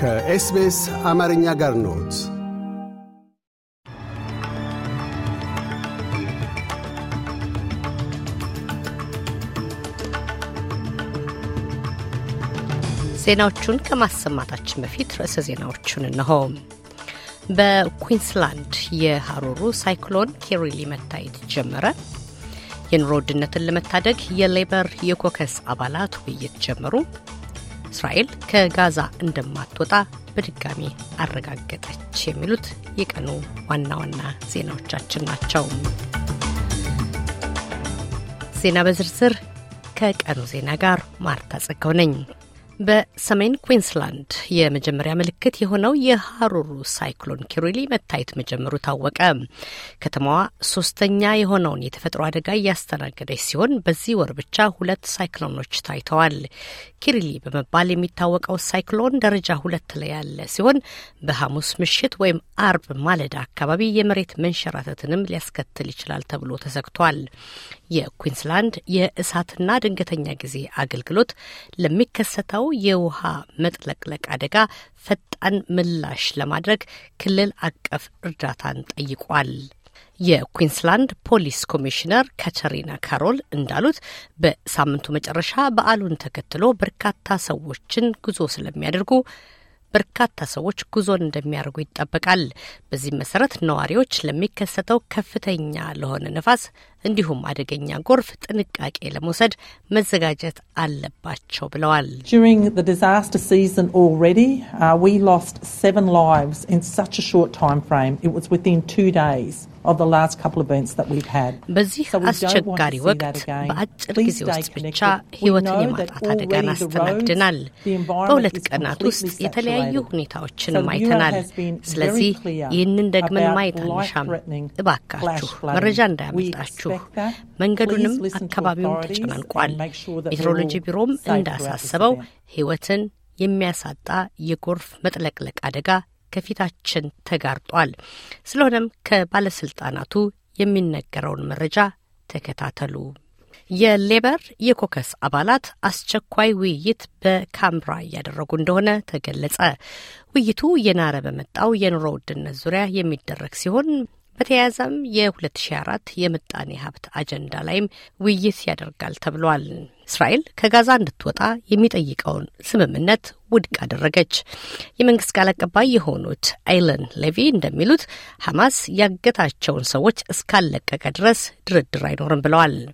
ከኤስቤስ አማርኛ ጋር ኖት። ዜናዎቹን ከማሰማታችን በፊት ርዕሰ ዜናዎቹን እነሆ። በኩንስላንድ የሐሩሩ ሳይክሎን ኬሪ መታየት ጀመረ። የኑሮ ውድነትን ለመታደግ የሌበር የኮከስ አባላት ውይይት ጀመሩ። እስራኤል ከጋዛ እንደማትወጣ በድጋሚ አረጋገጠች። የሚሉት የቀኑ ዋና ዋና ዜናዎቻችን ናቸው። ዜና በዝርዝር ከቀኑ ዜና ጋር ማርታ ጸጋው ነኝ። በሰሜን ኩዊንስላንድ የመጀመሪያ ምልክት የሆነው የሃሩሩ ሳይክሎን ኪሩሊ መታየት መጀመሩ ታወቀ። ከተማዋ ሶስተኛ የሆነውን የተፈጥሮ አደጋ እያስተናገደች ሲሆን በዚህ ወር ብቻ ሁለት ሳይክሎኖች ታይተዋል። ኪሪሊ በመባል የሚታወቀው ሳይክሎን ደረጃ ሁለት ላይ ያለ ሲሆን በሐሙስ ምሽት ወይም አርብ ማለዳ አካባቢ የመሬት መንሸራተትንም ሊያስከትል ይችላል ተብሎ ተሰግቷል። የኩዊንስላንድ የእሳትና ድንገተኛ ጊዜ አገልግሎት ለሚከሰተው ለደረሰው የውሃ መጥለቅለቅ አደጋ ፈጣን ምላሽ ለማድረግ ክልል አቀፍ እርዳታን ጠይቋል። የኩዊንስላንድ ፖሊስ ኮሚሽነር ካተሪና ካሮል እንዳሉት በሳምንቱ መጨረሻ በዓሉን ተከትሎ በርካታ ሰዎችን ጉዞ ስለሚያደርጉ በርካታ ሰዎች ጉዞን እንደሚያደርጉ ይጠበቃል። በዚህም መሰረት ነዋሪዎች ለሚከሰተው ከፍተኛ ለሆነ ነፋስ እንዲሁም አደገኛ ጎርፍ ጥንቃቄ ለመውሰድ መዘጋጀት አለባቸው ብለዋል። uh, በዚህ አስቸጋሪ ወቅት በአጭር ጊዜ ውስጥ ብቻ ሕይወትን የማጣት አደጋን አስተናግደናል። በሁለት ቀናት ውስጥ የተለያዩ ሁኔታዎችንም አይተናል። ስለዚህ ይህንን ደግመን ማየት አንሻም። እባካችሁ መረጃ እንዳያመልጣችሁ። መንገዱንም አካባቢውን ተጨናንቋል። ሜትሮሎጂ ቢሮም እንዳሳሰበው ሕይወትን የሚያሳጣ የጎርፍ መጥለቅለቅ አደጋ ከፊታችን ተጋርጧል። ስለሆነም ከባለስልጣናቱ የሚነገረውን መረጃ ተከታተሉ። የሌበር የኮከስ አባላት አስቸኳይ ውይይት በካምብራ እያደረጉ እንደሆነ ተገለጸ። ውይይቱ የናረ በመጣው የኑሮ ውድነት ዙሪያ የሚደረግ ሲሆን በተያያዘም የ2004 የምጣኔ ሀብት አጀንዳ ላይም ውይይት ያደርጋል ተብሏል። እስራኤል ከጋዛ እንድትወጣ የሚጠይቀውን ስምምነት ውድቅ አደረገች። የመንግስት ቃል አቀባይ የሆኑት አይለን ሌቪ እንደሚሉት ሐማስ ያገታቸውን ሰዎች እስካለቀቀ ድረስ ድርድር አይኖርም ብለዋል። uh,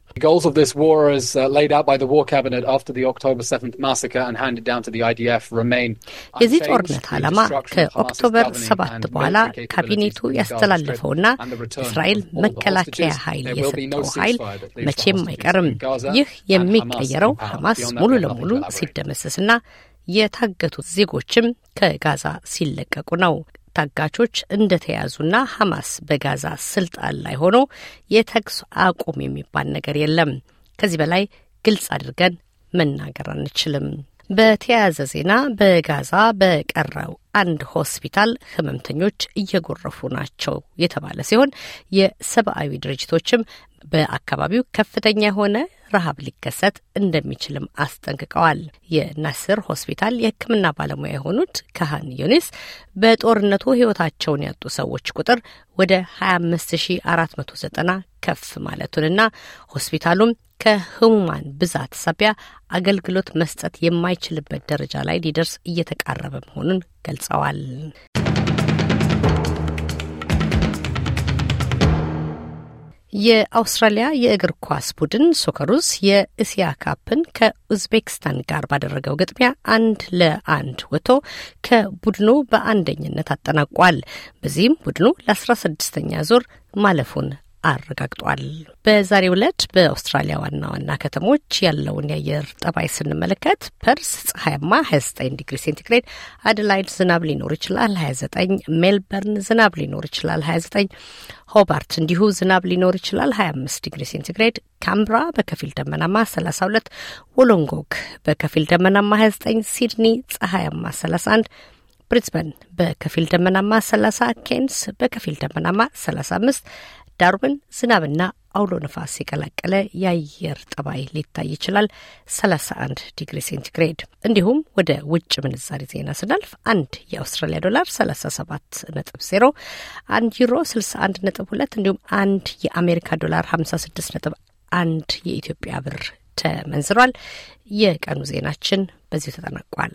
የዚህ ጦርነት ዓላማ ከኦክቶበር ሰባት በኋላ ካቢኔቱ ያስተላለፈውና እስራኤል መከላከያ ኃይል የሰጠው ኃይል መቼም አይቀርም። ይህ የሚቀየረው ሐማስ ሙሉ ለሙሉ ሲደመሰስና የታገቱት ዜጎችም ከጋዛ ሲለቀቁ ነው። ታጋቾች እንደተያዙና ሐማስ በጋዛ ስልጣን ላይ ሆኖ የተኩስ አቁም የሚባል ነገር የለም። ከዚህ በላይ ግልጽ አድርገን መናገር አንችልም። በተያያዘ ዜና በጋዛ በቀረው አንድ ሆስፒታል ህመምተኞች እየጎረፉ ናቸው የተባለ ሲሆን የሰብአዊ ድርጅቶችም በአካባቢው ከፍተኛ የሆነ ረሃብ ሊከሰት እንደሚችልም አስጠንቅቀዋል። የናስር ሆስፒታል የሕክምና ባለሙያ የሆኑት ካህን ዮኒስ በጦርነቱ ህይወታቸውን ያጡ ሰዎች ቁጥር ወደ 25490 ከፍ ማለቱንና ሆስፒታሉም ከህሙማን ብዛት ሳቢያ አገልግሎት መስጠት የማይችልበት ደረጃ ላይ ሊደርስ እየተቃረበ መሆኑን ገልጸዋል። የአውስትራሊያ የእግር ኳስ ቡድን ሶከሩስ የእስያ ካፕን ከኡዝቤክስታን ጋር ባደረገው ግጥሚያ አንድ ለአንድ ወጥቶ ከቡድኑ በአንደኝነት አጠናቋል። በዚህም ቡድኑ ለአስራ ስድስተኛ ዙር ማለፉን አረጋግጧል። በዛሬው ዕለት በአውስትራሊያ ዋና ዋና ከተሞች ያለውን የአየር ጠባይ ስንመለከት ፐርስ ፀሐያማ 29 ዲግሪ ሴንቲግሬድ፣ አደላይድ ዝናብ ሊኖር ይችላል 29፣ ሜልበርን ዝናብ ሊኖር ይችላል 29፣ ሆባርት እንዲሁ ዝናብ ሊኖር ይችላል 25 ዲግሪ ሴንቲግሬድ፣ ካምብራ በከፊል ደመናማ 32፣ ወሎንጎግ በከፊል ደመናማ 29፣ ሲድኒ ፀሐያማ 31 ብሪዝበን በከፊል ደመናማ 30፣ ኬንስ በከፊል ደመናማ 35፣ ዳርዊን ዝናብና አውሎ ነፋስ የቀላቀለ የአየር ጠባይ ሊታይ ይችላል 31 ዲግሪ ሴንቲግሬድ። እንዲሁም ወደ ውጭ ምንዛሪ ዜና ስናልፍ አንድ የአውስትራሊያ ዶላር 37 ነጥብ 0፣ አንድ ዩሮ 61 ነጥብ 2 እንዲሁም አንድ የአሜሪካ ዶላር 56 ነጥብ አንድ የኢትዮጵያ ብር ተመንዝሯል። የቀኑ ዜናችን በዚሁ ተጠናቋል።